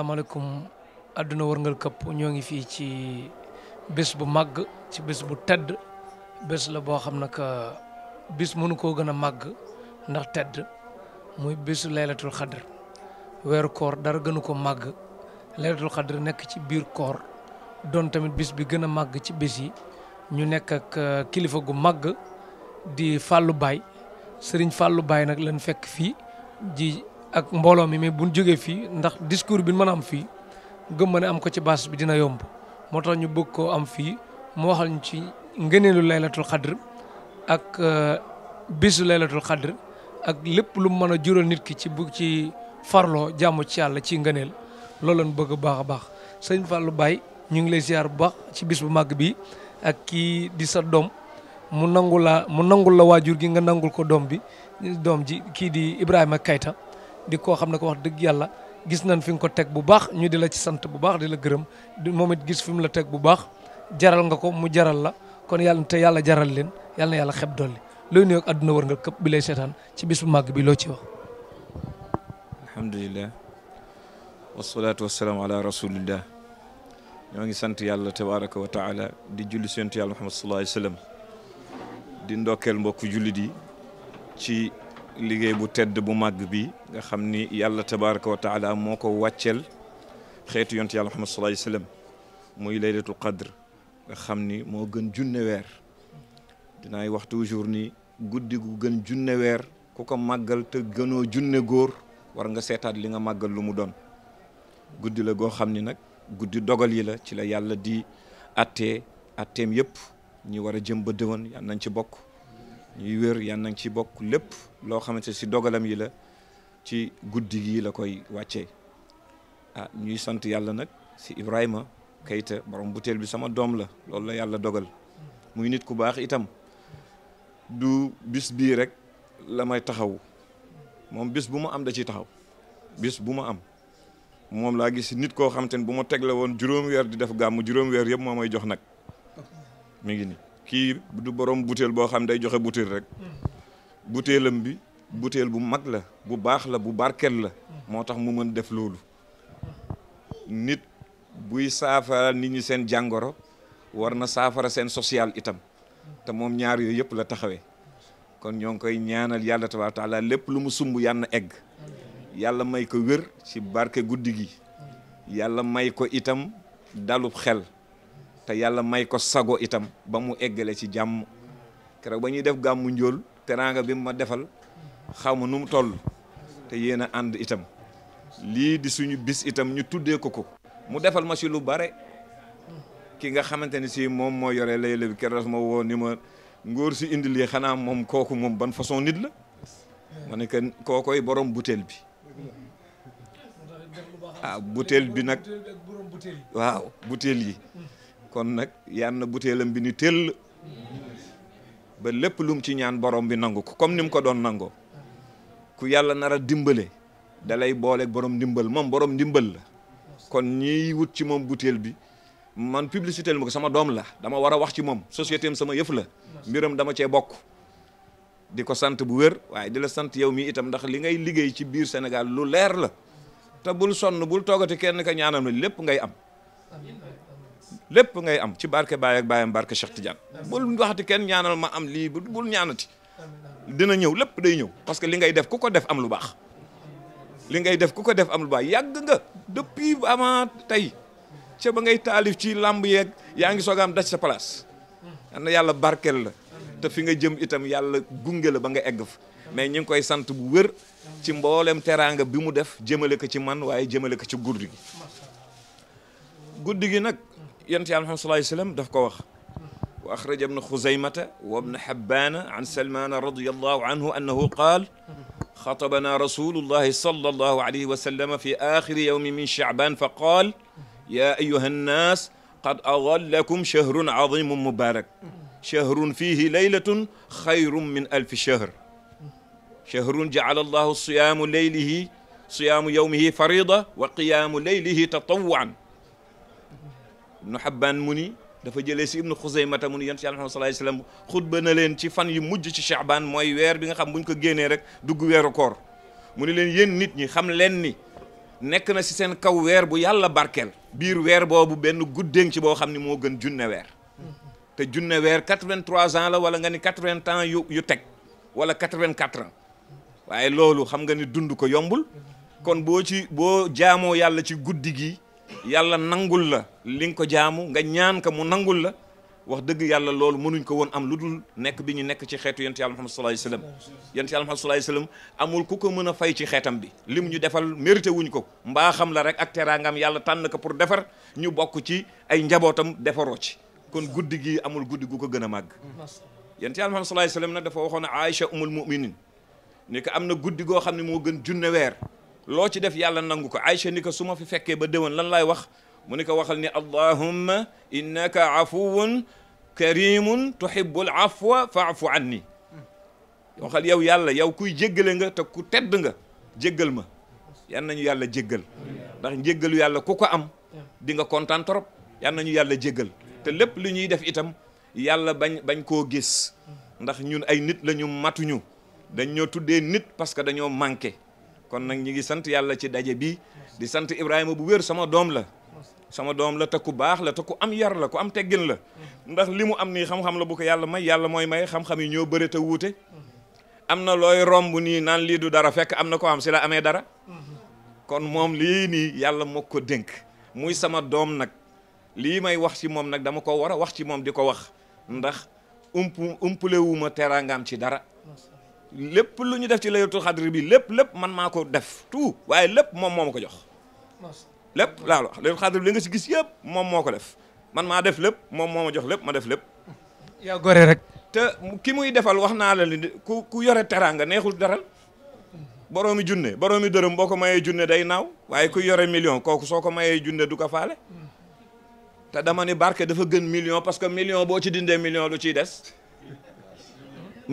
asalaamaaleykum àdduna wërngal këpp ñoo ngi fii ci bés bu màgg ci bés bu tedd bés la boo xam ne que bés mënu koo gën a màgg ndax tedd muy bésu laylatul xadr weeru koor dara gënu ko màgg laylatul xadr nekk ci biir koor doon tamit bés bi gën a màgg ci bés yi ñu nekk ak euh, kilifa gu màgg di Fallou Baye Serigne Fallou Baye nag lañ fekk fii ji ak mbooloo mi mais buñ jógee fii ndax discours bi mën a am fii gëmma ma ne am ko ci bâche bi dina yomb moo tax ñu bëgg koo am fii mu waxal ñu ci ngëneelu laylatul xadr ak euh, bisu laylatul xadr ak lépp lu mën a juróol nit ki ci bu ci farloo jàmm ci yàlla ci ngëneel loolu lañ bëgg baax a baax sëñ Fallou baay ñu ngi lay ziar bu baax ci bis bu màgg bi ak kii di sa doom mu nangu la mu nangul la waajur gi nga nangul ko doom bi doom ji kii di Ibrahima Kayta di koo xam ne ko wax dëgg yàlla gis nañ fi nga ko teg bu baax ñu di la ci sant bu baax di la gërëm moom it gis fi mu la teg bu baax jaral nga ko mu jaral la kon yàlla te yàlla jaral leen yàlla yàlla xeb dolli looy nuyoog àdduna war nga këpp bi lay seetaan ci bis bu màgg bi loo ci wax alhamdulilah wasalaatu wasalaamu ala ñoo ngi sant yàlla tabaraka wa di julli sentu yàlla muhammad sallallahu alayhi di ndokkeel mbokk jullit yi ci liggéey bu tedd bu màgg bi nga xam ni yàlla tabaraka wa taala moo ko wàcceel xeetu yonte yàlla Muhammad sallallahu alayhi wasallam muy laylatul qadr nga xam ni moo gën junne weer dinaay wax toujours ni guddi gu gën junne weer ku ko màggal te gënoo junne góor war nga seetaat li nga màggal lu mu doon guddi la goo xam ni nag guddi dogal yi la ci la yàlla di attee atteem yëpp ñi war a jëm ba dëwan yàlla nañ ci bokk ñuy wér yan nañ ci bokk lépp loo xamante si dogalam yi la ci guddi gii la koy wàccee ah ñuy sant yàlla nag si Ibrahima Keita borom butéel bi sama doom la loolu la yàlla dogal muy nit ku baax itam du bis bii rek la may taxaw moom bis bu ma am da ciy taxaw bis bu ma am moom laa gis nit koo xam te ne bu ma tegle woon juróom weer di def gàmm juróom weer yëpp moo may jox nag mu ngi nii kii du boroom butéel boo xam day joxe butéel rek butéelam bi butéel bu mag la bu baax la bu barkel la moo tax mu mën def loolu nit buy saafara nit ñi seen jàngoro war na saafara seen social itam te moom ñaar yooyu yëpp la taxawee kon ñoo ngi koy ñaanal yàlla tabaaraka taala lépp lu mu sumb yàlla egg yàlla may ko wér ci barke guddi gi yàlla may ko itam dalub xel te yàlla may ko sago itam ba mu eggale ci jàmm keroog ba ñuy def gàmmu njool teraanga bi ma defal xaw ma nu mu toll te yéen a ànd itam lii di suñu bis itam ñu tuddee ko ko mu defal ma si lu bare ki nga xamante ni si moom moo yore layla bi keroog ma woo ma ngóor si indi lii xanaa moom kooku moom ban façon nit la ma kookoy borom butéel bi ah butéel bi nag waaw butéel yi kon nag yal na butéelam bi ni tëll ba lépp lu mu ci ñaan borom bi nangu ko comme ni mu ko doon nangoo ku yàlla nar a dimbale dalay lay boroom ndimbal moom borom ndimbal la kon ñiy wut ci moom butéel bi man publicité ma sama doom la dama war a wax ci moom société sama yëf la mbiram dama cee bokk di ko sant bu wér waaye di la sant yow mi itam ndax li ngay liggéey ci biir Sénégal lu leer la te bul sonn bul toogati kenn ka ñaanam la lépp ngay am lépp ngay am ci barke Baye ak Bayam barke Cheikh Tidiane bul waxati kenn ñaanal ma am lii bul ñaanati dina ñëw lépp day ñëw parce que li ngay def ku ko def am lu baax li ngay def ku ko def am lu baax yàgg nga depuis avant tey ca ba ngay taalif ci làmb yeeg yaa ngi soog am daj sa place am na yàlla barkeel la te fi nga jëm itam yàlla gunge la ba nga egg fa mais ñu ngi koy sant bu wër ci mboolem teraanga bi mu def jëmale ko ci man waaye jëmale ko ci guddi gi yonent yàlla Muhammad sallallahu alayhi wa sallam daf ko wax wa axraja ibnu xuzaymata wa ibnu xabbaana an salmaana radiyallahu anhu annahu qaal xatabana rasulullahi sallallahu alayhi wa sallam fi axiri yawmi min chaaban fa qaal yaa ayuha nnaas qad adallakum chahrun azimun mubarak chahrun fihi laylatun xayrun min alfi chahr chahrun jacala allahu siyaamu leylihi siyaamu yawmihi farida wa qiyaamu leylihi tatawwan ibnu Habbaan mu ni dafa jële si ibnu Xuzaymata mu ni yonent Yàlla Muhammad sallallahu alayhi wa sallam xutba na leen ci fan yu mujj ci Chaabaan mooy weer bi nga xam buñ ko génnee rek dugg weeru koor mu ni leen yéen nit ñi xam leen ni nekk na si seen kaw weer bu yàlla barkeel biir weer boobu benn guddéeng ci boo xam ni moo gën junne weer te junne weer 83 ans la wala nga ni 80 yu yu teg wala 84 ans waaye loolu xam nga ni dund ko yombul kon boo ci boo jaamoo yàlla ci guddi gi yàlla nangul la li nga ko jaamu nga ñaan ka mu nangul la wax dëgg yàlla loolu mënuñ ko woon am lu dul nekk bi ñu nekk ci xeetu yonent yàlla Muhammad sallallahu alayhi wasallam yonent yàlla Muhammad sallallahu alayhi wasallam amul ku ko mën a fay ci xeetam bi lim ñu defal mérité wuñ ko mbaa xam la rek ak teraangam yàlla tànn ko pour defar ñu bokk ci ay njabootam defaroo ci kon guddi gi amul guddi gu ko gën a màgg yonent yàlla Muhammad sallallahu alayhi wasallam nag dafa waxoon Aïcha umul muminin ni ko am na guddi goo xam ne moo gën junne weer loo ci def yàlla nangu ko Aïcha ni ko su ma fi fekkee ba déwén lan laay wax mu ni ko waxal ni allahumma innaka afuwun karimun tuhibbul afwa faafu anni waxal yow yàlla yow kuy jéggale nga te ku tedd nga jéggal ma yan nañu yàlla jéggal ndax njéggalu yàlla ku ko am di nga kontaan trop yan nañu yàlla jéggal te lépp lu ñuy def itam yàlla bañ bañ koo gis ndax ñun ay nit lañu matuñu dañ ñoo tuddee nit parce que dañoo manqué kon nag ñi ngi sant yàlla ci daje bi di sant Ibrahima bu wéer sama doom la sama doom la te ku baax la ta ku am yar la ku am teggin la ndax li mu am nii xam-xam la bu ko yàlla may yàlla mooy may xam yi ñoo bëre te wuute am na looy romb nii naan lii du dara fekk am na ko am si la amee dara kon moom lii nii yàlla moo ko dénk muy sama doom nag lii may wax ci moom nag dama ko war a wax ci moom di ko wax ndax ump umpale ci dara lépp lu ñu def ci laylatul xadri bi lépp lépp man maa ko def tout waaye lépp moom moom ko jox. lépp laa wax laylatul xadri bi li nga si gis yëpp moom moo ko def man maa def lépp moom moo jox lépp ma def lépp. yaa gore rek. te ki muy defal wax naa la ni ku ku yore teraanga neexul daral boroomi junne boroomi dërëm boo ko mayee junne day naaw waaye ku yore million kooku soo ko mayee junne du ko faale. Mm. te dama ni barke dafa gën million parce que million boo ci dindee million lu ciy des.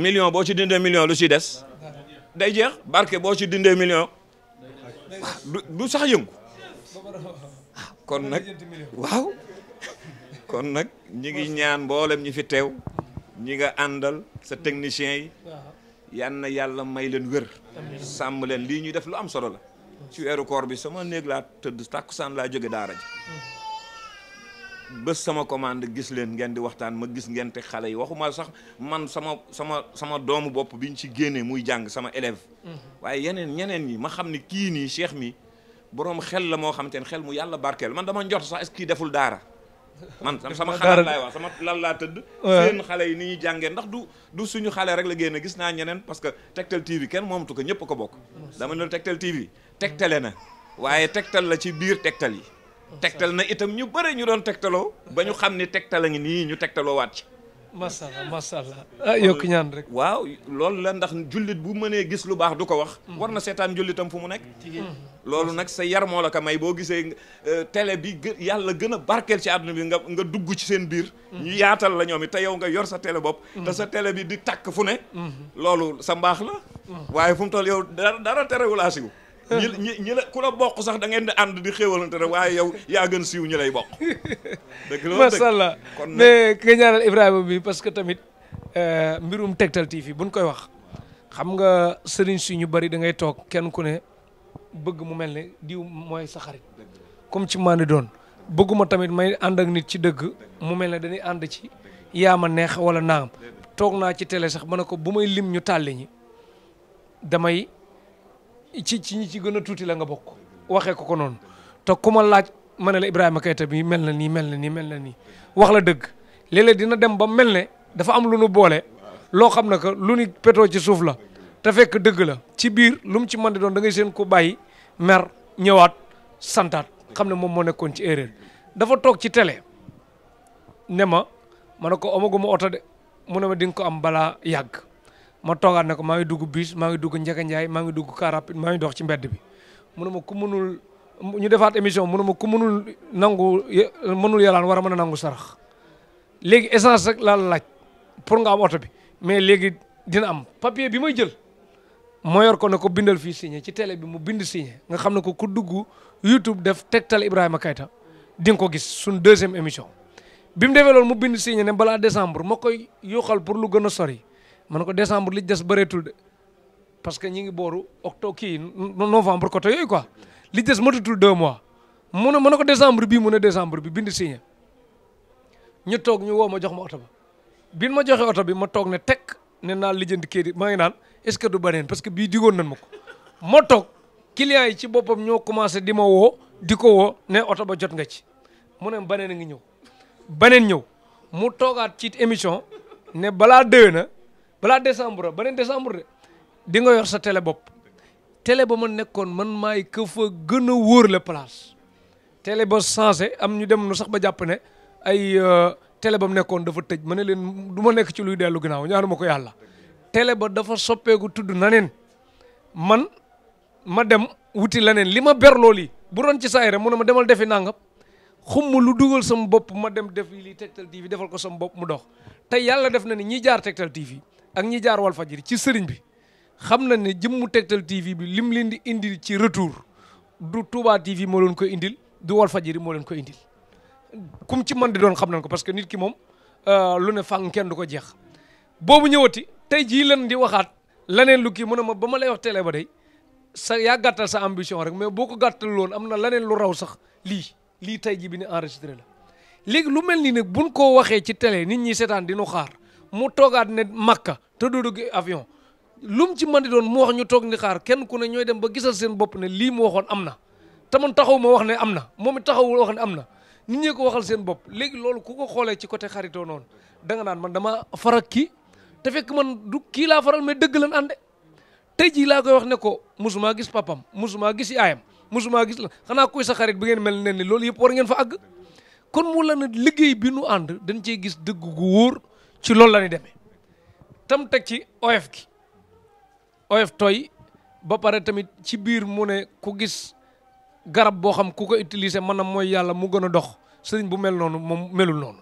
million boo ci dindee million lu ci des day jeex barke boo ci dindee million du sax yëngu kon nag waaw kon nag ñi ngi ñaan mboolem ñi fi teew ñi nga àndal sa technicien yi yal na yàlla may leen wér sàmm leen lii ñuy def lu am solo la ci weeru koor bi sama néeg laa tëdd tàkkusaan laa jóge daara ji bés sama commande gis leen ngeen di waxtaan ma gis ngeen te xale yi waxuma sax man sama sama sama doomu bopp bi ñu ci génne muy jàng sama élève mhm. waaye yeneen ñeneen ñi ma xam ne kii nii cheikh mi boroom xel la moo xam te ne xel mu yàlla barkeel man dama njort sax kii deful daara man sama xalaat laay wax sama lan laa tëdd seen xale yi ni ñuy jàngee ndax du du suñu xale rek la génne gis naa ñeneen parce que Tektal TV kenn moomtu ko ñëpp ko bokk dama ne la Tektal TV tegtale na waaye tegtal la ci biir tegtal yi tegtal na itam ñu bëri ñu doon tegtaloo ba ñu xam ni tegtal a ngi nii ñu tegtaloo waat ci macha allah macha allah rek waaw loolu la ndax jullit bu mënee gis lu baax du ko wax mm-hmm. war na seetaan jullitam fu mu nekk mm-hmm. loolu nag sa yar moo la ko may boo gisee euh, tele bi gë yàlla gën a barkeel ci àdduna bi nga nga dugg ci seen biir mm-hmm. ñu yaatal la ñoom it te yow nga yor sa télé bopp te sa télé bi di takk fu ne loolu sa mbaax la waaye fu mu toll yow dara dara terewul aasigu ñi ñi ñi la ku la bokk sax da ngeen di ànd di xéewalante rek waaye yow yaa gën siiw ñu lay bokk. dëgg kon mais ki ñaanal Ibrahima bi parce que tamit euh, mbirum tegtal Tektal TV buñ koy wax xam nga sëriñ si ñu bari da ngay toog kenn ku ne bëgg mu mel ne diw mooy sa comme ci maani doon bëgguma tamit may ànd ak nit ci dëgg mu mel ne dañuy ànd ci yaa ma neex wala naam toog naa ci télé sax ma ne ko bu may lim ñu tàlli ñi damay. ci ci ñi ci gën a tuuti la nga bokk waxee ko ko noonu te ku laaj ma ne la Ibrahima Keita bi mel na nii mel na nii mel na nii wax la dëgg léeg dina dem ba mel ne dafa am lu nu boole loo xam ne que lu nu petoo ci suuf la te fekk dëgg la ci biir lu mu ci mën di doon da ngay seen ko bàyyi mer ñëwaat santaat xam ne moom moo nekkoon ci erreur dafa toog ci tele ne ma ma ne ko amaguma oto de mu ne ma di nga ko am balaa yàgg ma toogaat ne ko maa ngi dugg bus maa ngi dugg Ndiaga Ndiaye maa ngi dugg car rapide maa ngi dox ci mbedd bi mënu ma ku mënul ñu defaat émission mënu ma ku mënul nangu mënul yalaan war a mën a nangu sarax léegi essance rek laa la laaj pour nga am oto bi mais léegi dina am papier bi may jël moo yor ko ne ko bindal fii signé ci télé bi mu bind signé nga xam ne ko ku dugg YouTube def Tektal Ibrahima Keita di nga ko gis suñ deuxième émission bi mu defee loolu mu bind signé ne balaa décembre ma koy yuuxal pour lu gën a sori man ko décembre li des bëreetul de parce que ñi ngi booru octobre kii novembre côté yooyu quoi li des matatul deux mois mu ne ma ne ko décembre bii mu ne décembre bi bind signé ñu toog ñu woo ma jox ma oto ba bi ma joxe oto bi ma toog ne teg ne naa lijjanti kii maa ngi naan est-ce que du baneen parce que bii digoon nañ ma ko ma toog clients yi ci boppam ñoo commencé di ma woo di ko woo ne oto ba jot nga ci mu ne baneen a ngi ñëw baneen ñëw mu toogaat ci émission ne balaa déwé na balaa décembre beneen décembre de di nga yor sa télé bopp télé ba ma nekkoon man maay ka fa gën a wóor la place tele ba changé am ñu dem nu sax ba jàpp ne ay euh, télé ba mu nekkoon dafa tëj ma ne leen du ma nekk ci luy dellu ginnaaw ma ko yàlla tele ba dafa soppeeku tudd na naneen man ma dem wuti leneen li ma berloo lii bu doon ci saay rek mu ne ma demal defi nangam xum lu dugal sama bopp ma dem def lii Tektal TV defal ko sama bopp mu dox te yàlla def na ni ñiy jaar Tektal TV ak ñi jaar wal fajiri ci sëriñ bi xam na ne jëmmu Tektal TV bi lim leen di indil ci retour du Touba TV moo leen ko indil du Walfadjri moo leen ko indil kum ci mën di doon xam nañ ko parce que nit ki moom euh, lu ne fang kenn du ko jeex boobu ñëwati tey jii lan di waxaat laneen lu kii mu ne ma ba ma lay wax télé ba day sa yaa gàttal sa ambition rek mais boo ko gàttal loon am na laneen lu raw sax lii lii tey jii bi ne enregistré la léegi lu mel nii nag buñ ko waxee ci télé nit ñi seetaan dinu xaar mu toogaat ne makka te du dugg avion lu ci mën doon mu wax ñu toog ni xaar kenn ku ne ñooy dem ba gisal seen bopp ne lii mu waxoon am na te man taxaw ma wax ne am na moom it taxawul wax ne am na nit ñee ko waxal seen bopp léegi loolu ku ko xoolee ci côté xarit noonu da nga naan man dama farak kii te fekk man du kii laa faral ma dëgg lan ànde tey jii laa koy wax ne ko musuma gis papam musuma gis yaayam musuma gis la xanaa kuy sa xarit bi ngeen mel ne ni loolu yëpp war ngeen fa àgg kon mu la ne liggéey bi nu ànd dañ cee gis dëgg gu wóor ci loolu la ñu demee tam teg ci oyof gi oyof toy ba pare tamit ci biir mu ne ku gis garab boo xam ku ko utiliser mën a mooy yàlla mu gën a dox sëriñ bu mel noonu moom melul noonu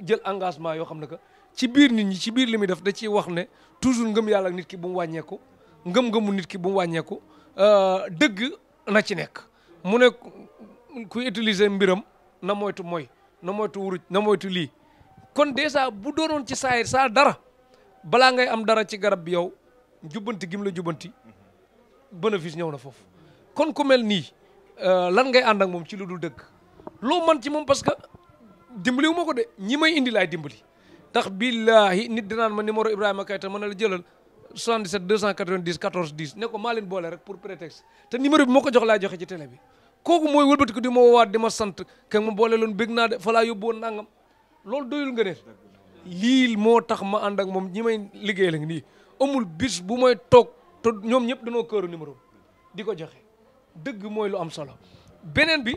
jël engagement yoo xam ne que ci biir nit ñi ci biir li muy def da ciy wax ne toujours ngëm yàlla ak nit ki bu mu wàññeeku ngëm-ngëmu nit ki bu mu wàññeeku euh, dëgg na ci nekk mu ne ku utiliser mbiram na moytu mooy na moytu wuruj na moytu lii kon dèjà bu doonoon ci saayir saa dara balaa ngay am dara ci garab bi yow jubbanti gim la jubbanti bénéfice ñëw na foofu kon ku mel nii euh, lan ngay ànd ak moom ci lu dul dëgg loo man ci moom parce que dimbali wu ma ko de ñi may indi laay dimbali tax billaahi nit dinaan ma numéro Ibrahima Keita mën na la jëlal 77 290 14 10 ne ko maa leen boole rek pour prétexte te numéro bi moo ko jox laa joxe ci télé bi kooku mooy wëlbatiku di ma woowaat di ma sant ka ma boole loon bég naa de fa laa yóbbu loolu doyul nga ne lii moo tax ma ànd ak moom ñi may liggéey la nii amul bis bu may toog te ñoom ñëpp danoo këru numéro di ko joxe dëgg mooy lu am solo beneen bi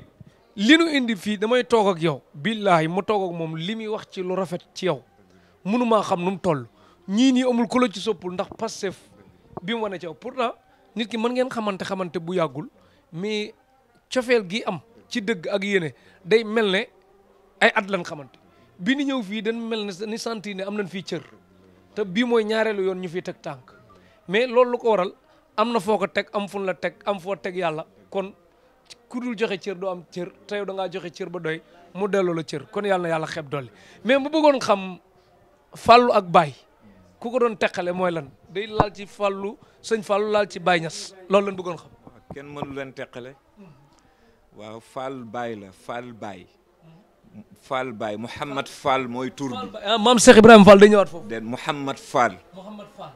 li nu indi fii damay toog ak yow billaahi ma toog ak moom li muy wax ci lu rafet ci yow maa xam nu mu toll ñii nii amul ku la ci soppul ndax Pastef bi mu wane ci yow pourtant nit ki mën ngeen xamante xamante bu yàggul mais cofeel gi am ci dëgg ak yéene day mel ne ay at lan xamante bii ni ñëw fii dañ mel ni sentir ne am nañ fii cër te bii mooy ñaareelu yoon ñu fiy teg tànk mais loolu lu ko waral am na foo ko teg am fun la teg am foo teg yàlla kon ku dul joxe cër doo am cër te yow da ngaa joxe cër ba doy mu delloo la cër kon yàlla yàlla xeb dolli mais mu bëggoon xam fàllu ak baay ku ko doon teqale mooy lan day laal ci fàllu sëñ fàllu laal ci baay ñas loolu lañ bëggoon xam. kenn mënu leen teqale hmm. waaw fàll baay la fàll baay. Fall Baye Mouhamad Fall mooy tuur bi. Ah, maam Cheikh Ibrahima Fall day ñëwaat foofu. déet Mouhamad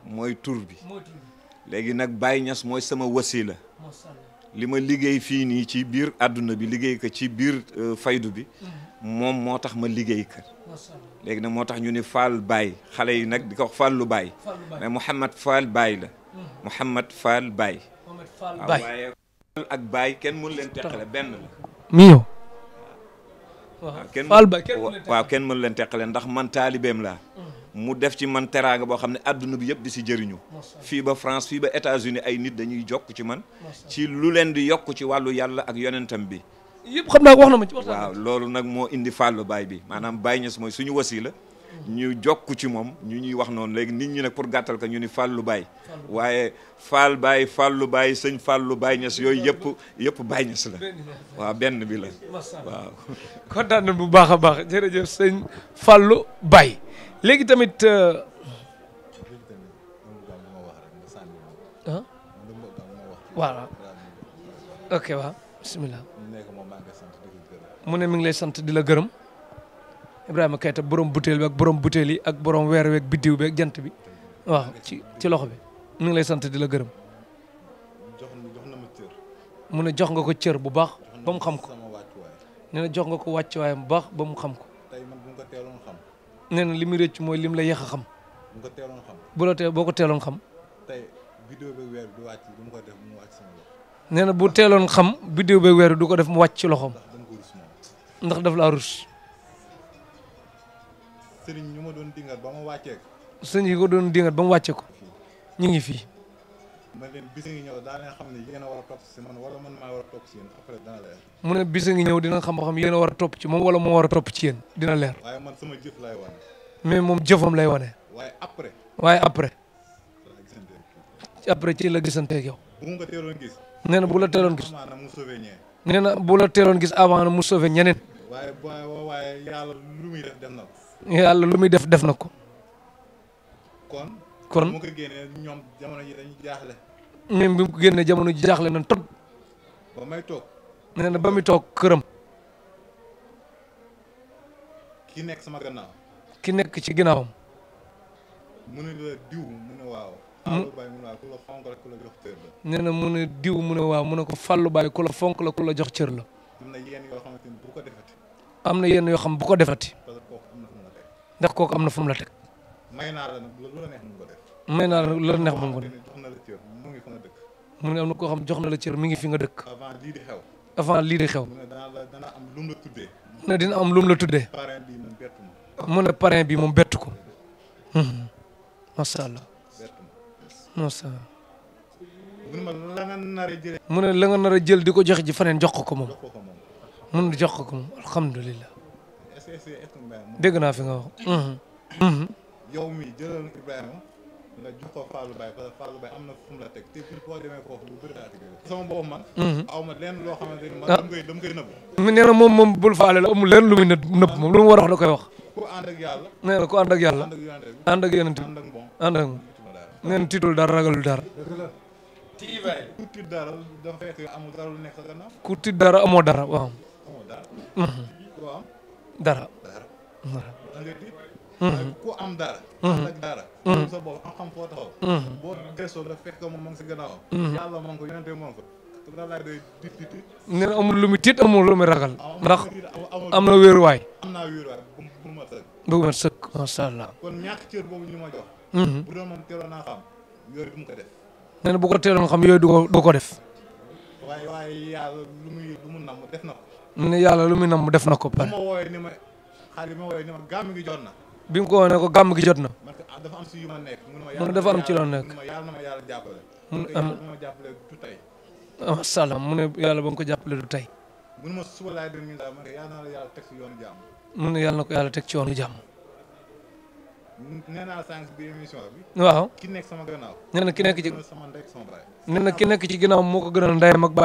mooy tur bi. léegi nag Baye ñas mooy sama wasila. li ma liggéey fii nii ci biir àdduna bi liggéey ko ci biir euh, faydu bi. Mhm. moom moo tax ma liggéey ko. léegi nag moo tax ñu ni Fall Baye xale yi nag di ko wax Fallu Baye. mais Mouhamad Fall Baye la. Mouhamad mhm. Fall Baye. Ah, ak Baye kenn mënu leen teqale benn la. kenn waaw kenn mënu leen teqale ndax man taalibeem laa mm-hmm. mu def ci man teraanga boo xam ne àdduna bi yëpp di si jëriñu fii ba France fii ba États-Unis ay nit dañuy jokk ci man ci lu leen di yokk ci wàllu yàlla ak yonentam bi yëpp xam naa wax na ma ci waaw loolu nag moo indi fàllu baay bi maanaam Baay Ñas mooy suñu wasila ñu jokku ci moom ñu ñuy wax noonu léegi nit ñi nag pour gàttal ka ñu ni Fallou Baye waaye Fall Baye Fallou Baye sëñ Fallou Baye Niass yooyu yëpp yëpp Baye Niass la benn bi la waaw kontaan nañ bu baax a baax jërëjëf sëñ Fallou Baye léegi tamit euh, voilà ok waaw bisimilah mu ne mu ngi lay sant di la gërëm Ibrahima Keita borom butéel bi ak borom butéel yi ak borom weer wi ak biddiw bi ak jant bi waaw ci ci loxo bi ñu ngi lay sant di la gërëm. mu ne jox nga ko cër bu baax ba mu xam ko nee na jox nga ko wàccuwaayam bu baax ba mu xam ko. nee na li muy rëcc mooy lim la yéex a xam. bu la tee boo ko teeloon xam. nee na bu teeloon xam bidéo beeg weer du ko def mu wàcc ci loxoom ndax daf laa rus. sëriñ ñu ma doon dingat ba ma wàccee ko. yi ko doon dingat ba mu wàccee ko ñu ngi fii. ma leen bis ngi ñëw daa xam ne yéen a war a topp si man wala man a topp si yéen ne bis ngi dina xam xam yéen war a topp ci moom wala moo war a topp ci yéen dina leer. waaye man sama jëf lay wane. moom jëfam lay wane. waaye après. waaye après. après ci la gisanteeg yow. bu nga teeloon gis. nee na bu la teeloon gis. nee na bu la teeloon gis avant mu sauvé ñeneen. waaye waaye yàlla lu muy def dem na ko. yàlla lu muy def def na ko. kon. kon mu ko génnee ñoom jamono ji dañuy jaaxle. ñoom bi mu ko jamono ji jaaxle na tot. ba may toog. nee na ba muy toog këram. ki nekk sama gannaaw. ki nekk ci ginnaawam. mu ne la diw mu ne waaw. Fallou Baye mu ne waaw ku la fonk la ku mu ne diw mu mu ne ko Fallou Baye ku la fonk la ku la jox cër la. am na yenn yoo xamante ni bu ko defati. am na yenn yoo xam bu ko defati. ndax kooku am na fu la teg. may naa la nag lu la neex mën ko def. may na la mu ngi fi nga dëkk. mu ngi am na koo xam jox na la cër mi ngi fi nga dëkk. avant lii di xew. avant lii di xew. mu ne dana dana am lu mu la tuddee. mu dina am lu mu la tuddee. parrain bi moom bett mu ne parrain bi moom bett ko. Hmm. macha allah. macha allah. mu ne la nga nar jël. mu la nga jël di ko joxe ji faneen jox ko ko moom. mu ne jox ko ko moom alhamdulilah. dégg naa fi nga wax. Mhm. Mhm. yow mi jëlal Ibrahima nga jox ko Fallou Baye parce na fu mu la teg te boo demee foofu lu bëri laa mhm. ma lenn loo xamante ni man ah. dama koy dama mu nee moom moom bul faale la amul lenn lu muy nëbb nëbb moom lu mu war a wax da koy wax. ku ànd na ku ànd ak yàlla. ànd ak yonent bi ànd ak moom ànd ak moom. nee na tiitul dara ragalul dara. ku tiit dara amoo dara waaw. dara ku am dara. ak dara. sa bopp da fekk moom mu ngi si gannaaw. yàlla moom ko yonente moom ko. nee na lu mu tiit amul lu mu ragal. ndax am na wéeruwaay. am naa wéeruwaay bu ma sëkk. bu ma sëkk macha allah. kon ñàkk cër boobu ñu ma jox. Mm-hmm. bu doon teeloon xam yooyu du mu ko def. nee na lu muy mu nam na ne yàlla lu muy nam mu def na ko pare. bi ma wooyee ni ma xaalis bi ma wooyee ni gàmm gi jot na. bi mu ko woo ne ko gàmm gi jot na. parce que ah, dafa am si nekk. mu am ci loo nekk. yàlla na ma am yàlla jàppale du ah, mu ne yàlla ba mu ko jàppale du tey. mu ne suba laay dem ñu daal yàlla na yàlla teg si yoonu jàmm. mu ne yàlla ko yàlla teg ci yoonu jàmm. nee naa sànq bi émission bi. waaw ki nekk sama gannaaw. nee na ki nekk ci. nee na ki nekk ci ginnaaw moo ko gënal ndeyam ak bi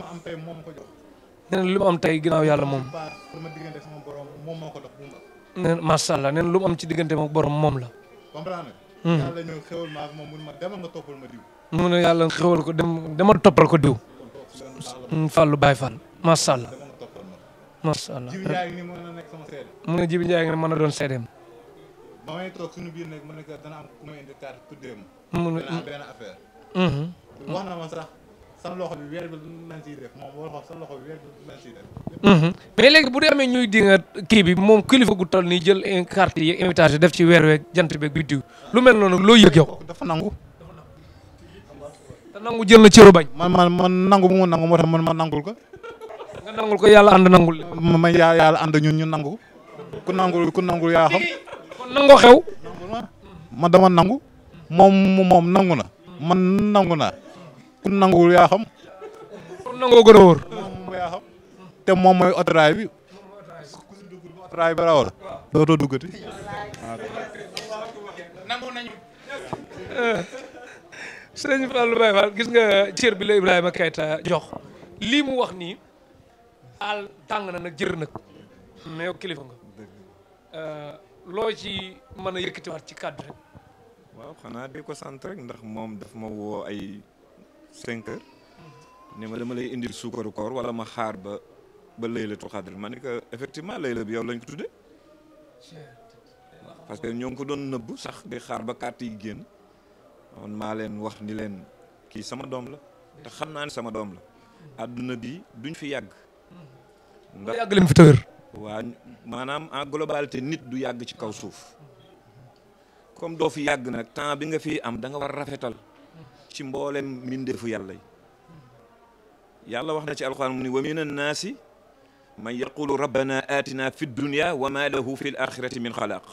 ma am tey moom ko nee na lu mu am tey ginnaaw yàlla moom. nee na macha allah nee na lu mu am ci diggante moom borom moom la. Hmm. mu a yàlla xewal ko dem demal toppal ko diw. Hmm, Fallou Baye Fall macha allah. macha allah mu ne Jibi Ndiaye nga mën a doon seedeem. ba may toog suñu biir nag mu ne dana am a may indi carte tuddee ma. mu ne dana am benn affaire. Hmm. wax na ma sax. san loxo bi weer bi nañ siy def moom loxo bi weer mhm. léegi bu dee amee ñuy di nga kii bi moom kilifa gu toll nii jël carte yi invitation def ci weer weeg jant beeg biddiw lu mel noonu loo yëg yow. dafa nangu. jël na cëru bañ. ma man man nangu mu nangu moo tax man ma nangul ko. nga ko yàlla ànd nangul. ma yàlla ànd ñun ñu nangu. ku nangul ku yaa xam. kon ma dama nangu. moom nangu na. nangu naa. ku nanguwul yaa xam. ku nangoo moom te moom mooy autorail bi. autorail bi rawal. dootoo duggati. nangu nañu. sëñ Fallou Baye gis nga cër bi la Ibrahima Keita jox. lii mu wax nii. al tàng na nag jër nag. mais kilifa nga. Euh, loo ci mën a yëkkatiwaat ci kàddu rek. waaw rek ndax moom daf ma woo ay. cinq heures ni ma dama lay indil suukaru koor wala ma xaar ba ba laylatul xadr ma ni que effectivement layla bi yow lañ ko tuddee parce que ñoo ngi ko doon nëbb sax di xaar ba carte yi génn man maa leen wax ni leen kii sama doom la te xam naa ne sama doom la àdduna bi duñ fi yàgg ndax yàgg leen fi tëwër waa maanaam en globalité nit du yàgg ci kaw suuf comme doo fi yàgg nag temps bi nga fi am da nga war rafetal ci mboolem mbindeefu yàlla yi yàlla wax na ci alquran mu ni wa min annaasi man yaqulu rabbana atina fi dunya wa ma lahu fi l axirati min xalaq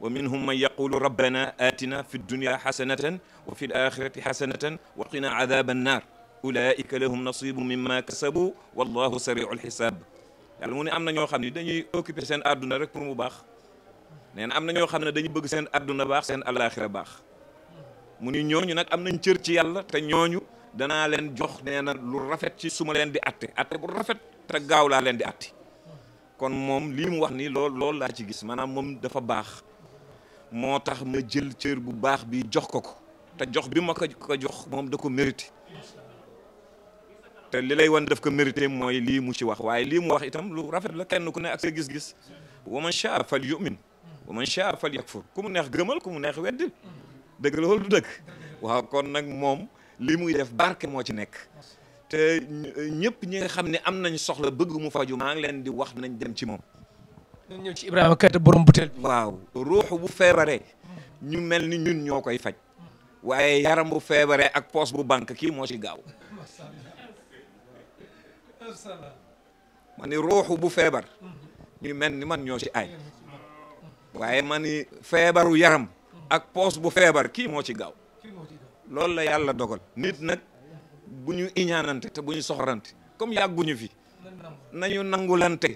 wa minhum man yaqulu rabbana atina fi dunya xasanatan wa fi l axirati xasanatan wa qina adaba annar ulaika lahum nasibu mimma kasabu wallahu sariu lxisaab yàlla mu ne am na ñoo xam ne dañuy occuper seen àdduna rek pour mu baax nee na am na ñoo xam ne dañuy bëgg seen àdduna baax seen alaxira baax mu ni ñooñu nag am nañ cër ci yàlla te ñooñu danaa leen jox nee lu rafet ci suma leen di atte atte bu rafet te gaaw laa leen di atte kon moom lii mu wax ni lool loolu laa ci gis maanaam moom dafa baax moo tax ma jël cër bu baax bi jox ko ko te jox bi ma ko ko jox moom da ko mérité te li lay wan daf ko mérité mooy lii mu ci wax waaye lii mu wax itam lu rafet la kenn ku ne ak sa gis-gis wa man shaa fal yu'min wa man shaa fal yakfur ku mu neex gëmal ku neex weddil dëgg la wol du dëgg waaw kon nag moom li muy def barke moo ci nekk te ñëpp ñi nga xam ne am nañ soxla bëgg mu faju maa ngi leen di wax nañ dem ci moom ñu ci Ibrahima Keita borom butéel bi waaw bu feebare ñu mel ni ñun ñoo koy faj waaye yaram bu feebaree ak poos bu banque kii moo ci gaaw ma ruuxu bu feebar ñu mel ni man ñoo ci ay waaye ma ni feebaru yaram ak poos bu feebar kii moo ci gaaw loolu la yàlla dogal nit nag bu ñu iñaanante te bu ñu soxorante comme yàgguñu fi na nañu nangulante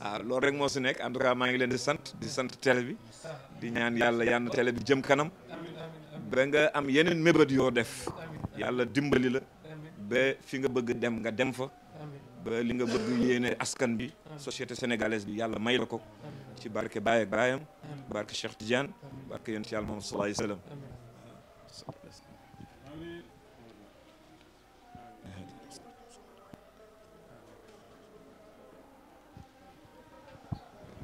waaw ah, loolu rek moo si nekk en maa ngi leen di sant di sant télé bi di ñaan yàlla yànn na bi jëm kanam ba nga am yeneen mébét yoo def yàlla dimbali la ba fi nga bëgg dem nga dem fa ba li nga bëgg askan bi société sénégalaise bi yàlla may la ko ci barke Baye ak barke Cheikh Tidiane barke yonent yàlla moom sallallahu alayhi wasallam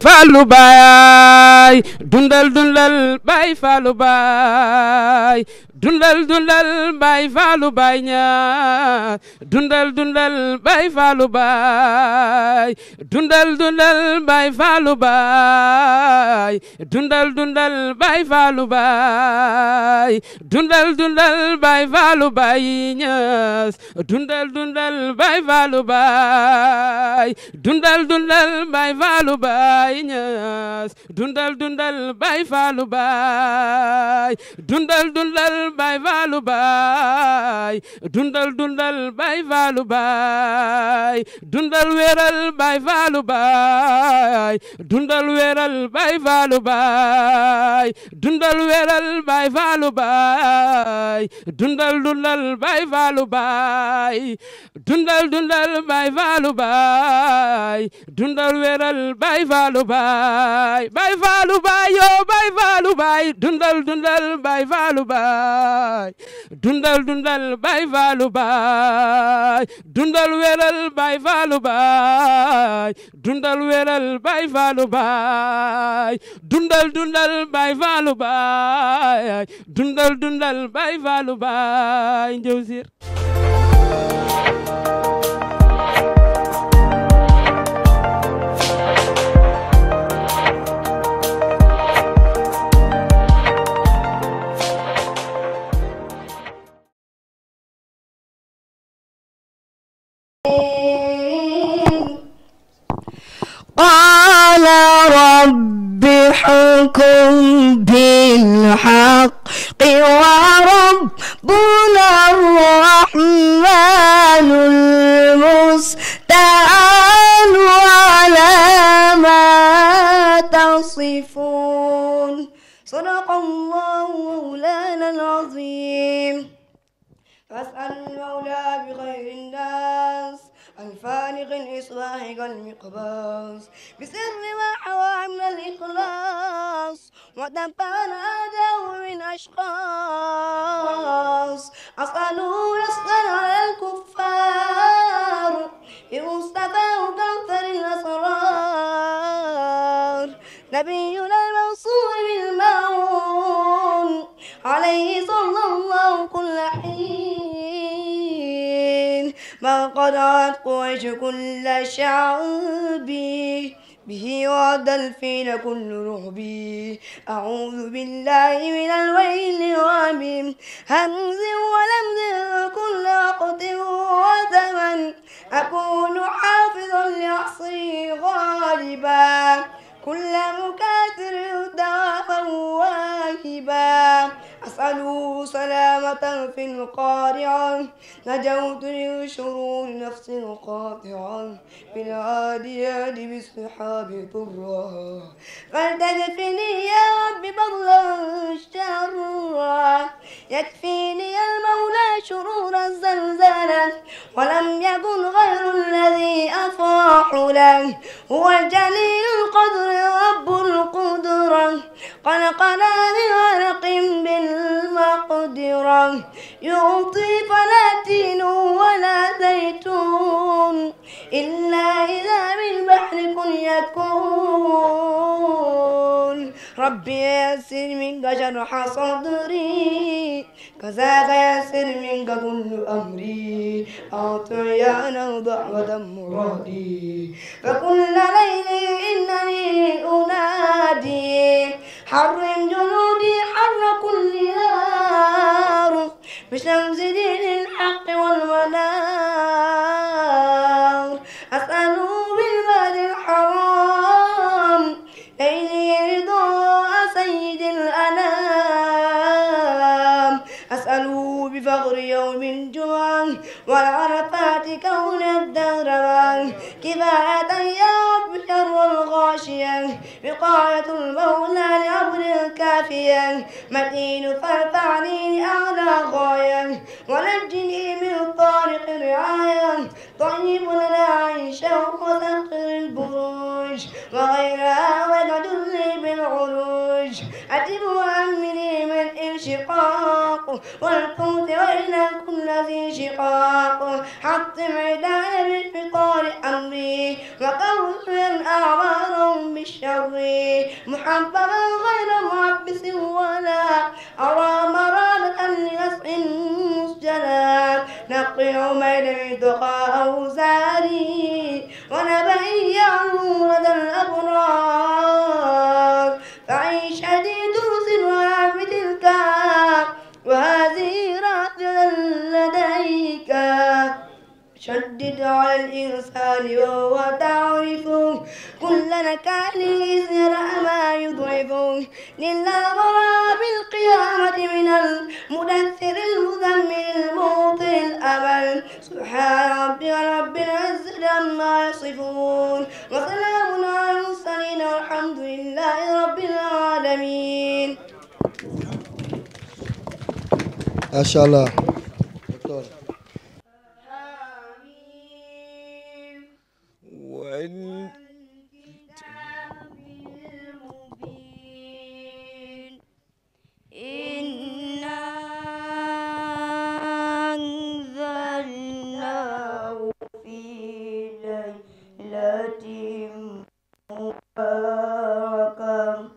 faalu baay dundal dundal baay faalu baay dundal dundal bay faalu bay ñaas dundal dundal bay faalu bay dundal dundal bay faalu bay dundal dundal bay faalu bay dundal dundal bay faalu bay ñaas dundal dundal bay faalu bay dundal dundal bay faalu bay ñaas dundal dundal bay faalu bay dundal dundal bay faalu bay dundal dundal bay faalu bay dundal weeral bay faalu bay dundal weeral bay faalu bay dundal weeral bay faalu bay dundal dundal bay faalu bay dundal dundal bay faalu bay dundal weeral bay faalu bay bay faalu bay yo bay faalu bay dundal dundal bay faalu bay baay dundal dundal baay faalu baay dundal wéral baay faalu baay dundal wéral baay faalu baay dundal dundal baay faalu baay dundal dundal baay faalu baay njëw sir ربحكم بالحق وربنا الرحمن المستقيم بالمصباح والمقباس بسر وحوى من الإخلاص ودبان أداه من أشخاص أصلوا رزقا على الكفار بمصطفى وكوثر الأسرار نبينا المنصور بالمعون عليه صلى الله كل حين فقطعت قريش كل شعبي به وعد الفيل كل رهبي أعوذ بالله من الويل ومن همز ولمز كل وقت وزمن أكون حافظا لعصري غالبا كل مكاثر دعاء واهبا أسأله سلامة في القارعة نجوت من شرور نفس قاطعة في العاديات بالسحاب ضرا فالتكفني يا رب بضلا شرا يكفيني يا المولى شرور الزلزلة ولم يكن غير الذي أفاح له هو الجليل القدر رب القدرة قلقنا بغرق بالله المقدرة يعطي فلا تين ولا زيتون إلا إذا من بحركم يكون ربي يسر منك شرح صدري كذاك يسر منك كل أمري أعطيانا ضعفة مرادي فكل ليل إنني أنادي حرم جنودي حر كل نار بشمس دين الحق والمنار بفخر يوم جوان والعرفات كون الدهروان كفاءة يا رب الأرض الغاشية بقاية المولى لأمر كافيا متين فارفعني أعلى غاية ونجني من طارق رعاية طيب لنا عيشه وسقر البروج وغيرها واجعل لي بالعروج أتم والقوت وإنا كنا في شقاق حطم عدان بالفقار أمري وقوم أعمارهم بالشر محببا غير محبس ولا أرى مرارة لنسع مسجلا نقي عميل دقاء أوزاري ونبيعه لدى الأبرار شدد على الإنسان وهو تعرفه كل نكال إذ يرى ما يضعفه لله برا بالقيامة من المدثر المذمر الموطن الأمل سبحان ربي رب العزة عما يصفون وسلام على المرسلين والحمد لله رب العالمين ما شاء الله والكتاب المبين إنا أنزلناه في ليلة مباركة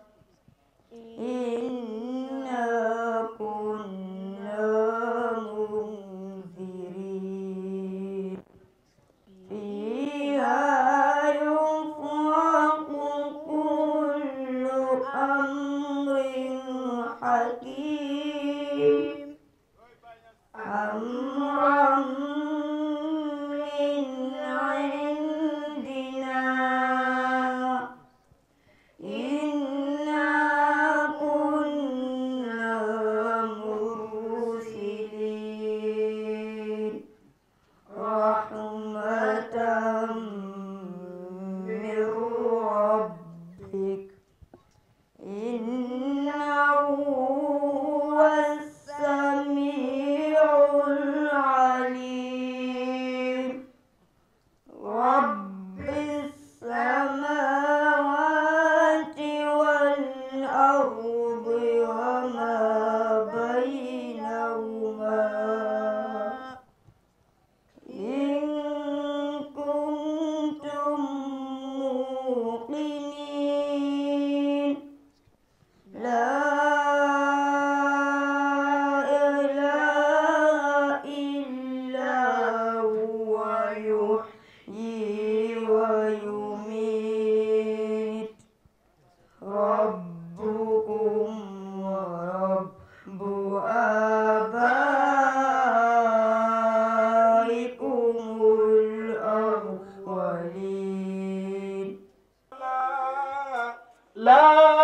la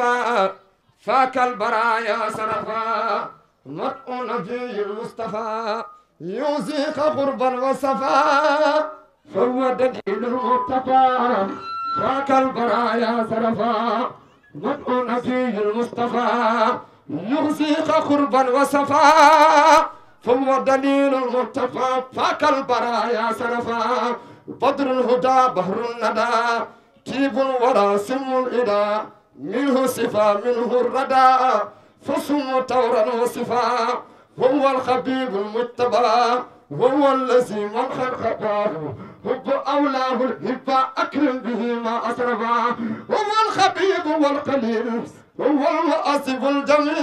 عطاء فاك البرايا سرفا مرء نبي المصطفى يوزيق غربا وصفا هو دليل المرتقى فاك البرايا سرفا مرء نبي المصطفى يوزيق غربا وصفا فهو دليل المرتقى فاك البرايا سرفا بدر الهدى بحر الندى طيب الورى سم الإدى منه صفا منه الرداء فصم تورا وصفا هو الخبيب المتبع هو الذي من خلقه حب أولاه الهبة أكرم به ما أسرفا هو الخبيب والقليل هو المؤسف الجميل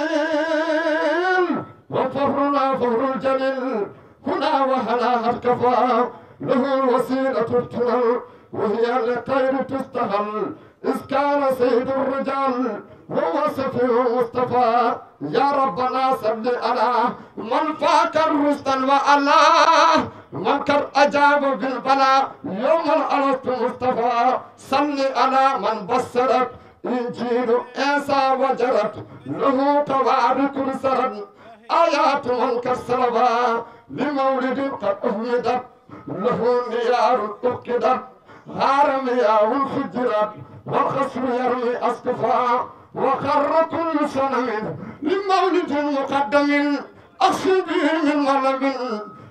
وفرنا فر الجليل هنا وهنا هل كفى له الوسيلة ابتلل وهي للطير تستهل إذ كان سيد الرجال وهو سفيه مصطفى يا ربنا صل على من فاك الرسل وعلى من قد أجاب بالبلاء يوم الألست مصطفى صل على من بصرت إنجيل إنسى وجرت له توابق سرت آيات من كسرها لمولد قد أهمدت له نيار أكدت غارم يا الخجرات والخصم يروي أصطفاء وقر كل صنم لمولد مقدم أخشي به من غلب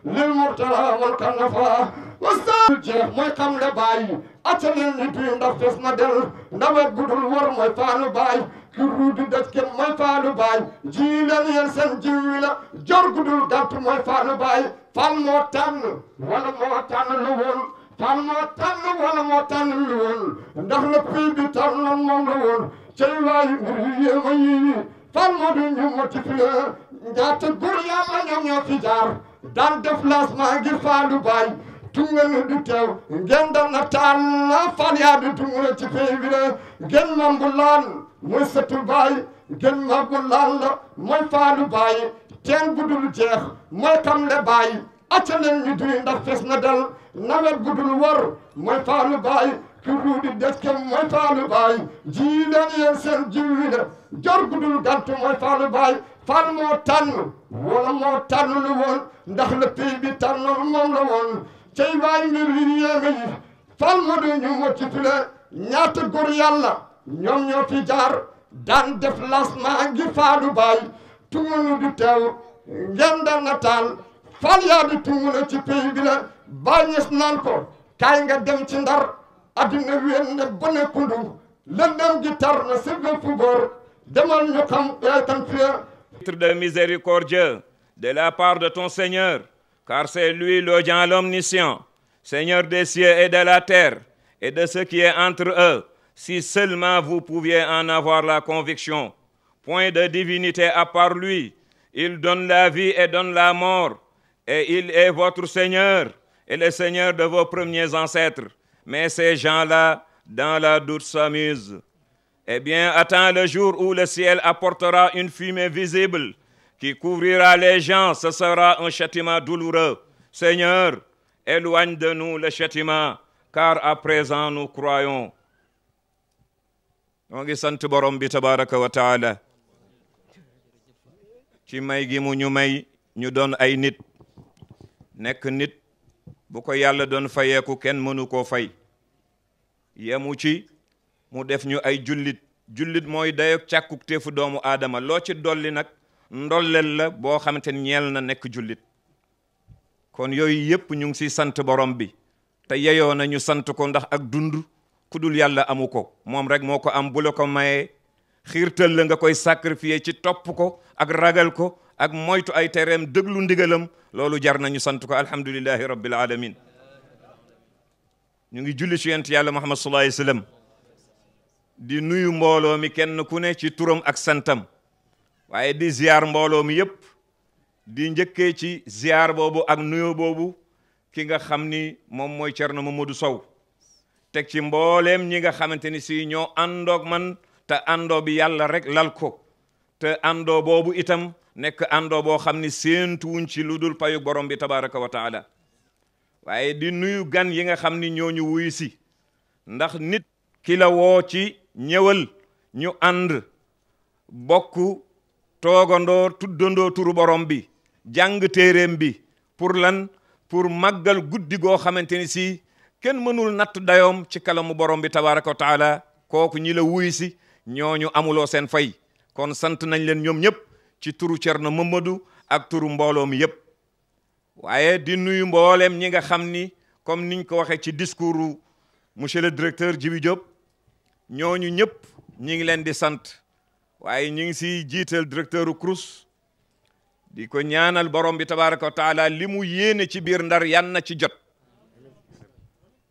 للمرتلى والكنفاء wasaare jeex mooy xam le bàyyi acaleen nit yi ndax fes na del nawet gudul war mooy faalu baay ki ruudi daj kenn faalu baay ji leen yéen seen jor gudul gàtt mooy faalu baay fal moo wala moo tànn kan moo tànn wala moo tànnul woon ndax la pays bi tànnoon moom la cey waay wur yi yéema yi fan moo du ñu multiplier njaate góor yaa ma ñoom ñoo fi jaar daan déplacement ngir faalu baay tungel du ngeen dam na taal na fan yaa du tungel ci pays bi de ngeen mam bu laan sëtu baay ngeen mam bu laan la mooy baay teen bu jeex mooy kam le baay acca leen ñu duy ndax fees na dal nawet gudul wor mooy paanu baay turuudi deske mooy paanu baay jii seen jiwi jor gudul gantu mooy paanu baay moo tànn wala moo tànn lu woon ndax le pays bi tànnoon moom la woon cey waay mbir yi yéeme yi fan moo doon ñu moccitule ñaata góor yàlla ñoom ñoo fi jaar daan déplacement ngi faanu baay tungunu di teew ngeen daan na taal fan yaa ci pays bi la bàyyees naan ko kaay nga dem ci ndar addina ne ba ne kundu lëndëm gi tar na sa bépp góor demal ñu xam yaay tan de miséricorde de la part de ton Seigneur car c'est lui l'audiant l'omniscient Seigneur des cieux et de la terre et de ce qui est entre eux si seulement vous pouviez en avoir la conviction point de divinité à part lui il donne la vie et donne la mort et il est votre Seigneur est le seigneur de vos premiers ancêtres. Mais ces gens-là, dans la doute, s'amusent. Eh bien, attends le jour où le ciel apportera une fumée visible qui couvrira les gens. Ce sera un châtiment douloureux. Seigneur, éloigne de nous le châtiment, car à présent nous croyons. ñoo ngi sant borom bi tabaraka wa ci may gi ñu doon ay nit bu ko yàlla doon fayeeku kenn mënu koo fay yemu ci mu def ñu ay jullit jullit mooy dayoog càkkukteefu doomu aadama loo ci dolli nag ndolleel la boo xamante ni ñeel na nekk jullit kon yooyu yépp ñu ngi siy sant borom bi te yeyoo na sant ko ndax ak dund ku dul yàlla amu ko moom rek moo ko am bu ko mayee xiirtal la nga koy sacrifier ci topp ko ak ragal ko ak moytu ay tereem déglu ndigalam loolu jar nañu sant ko alhamdulillahi rabbil alamin ñu ngi julli ci yent yàlla muhammad sallallahu alayhi wasallam di nuyu mbooloo mi kenn ku ne ci turam ak santam waaye di ziar mbooloo mi yépp di njëkkee ci ziar boobu ak nuyo boobu ki nga xam ni moom mooy na Mamadou Sow teg ci mbooleem ñi nga xamante ni si ñoo àndoog man te àndoo bi yàlla rek lal ko te itam nekk àndoo boo xam ni séentuwuñ ci lu dul payu borom bi tabaraka wa waaye di nuyu gan yi nga xam ni ñooñu wuyu si ndax nit ki la woo ci ñëwal ñu ànd bokk toogandoo tuddandoo turu borom bi jàng téeréem bi pour lan pour màggal guddi goo xamante ni si kenn mënul natt dayoom ci kalamu borom bi tabaraka wa kooku ñi la wuyu si ñooñu amuloo seen fay kon sant nañ leen ñoom ñëpp ci turu na Mamadou ak turu mbooloo mi yépp waaye di nuyu mbooleem ñi nga xam ni comme niñ ko waxee ci discoursu monsieur le directeur Djibi Diop ñooñu ñëpp ñi ngi leen di sant waaye ñi ngi si jiital directeur u di ko ñaanal borom bi tabaraka wa taala li mu yéene ci biir ndar yan na ci jot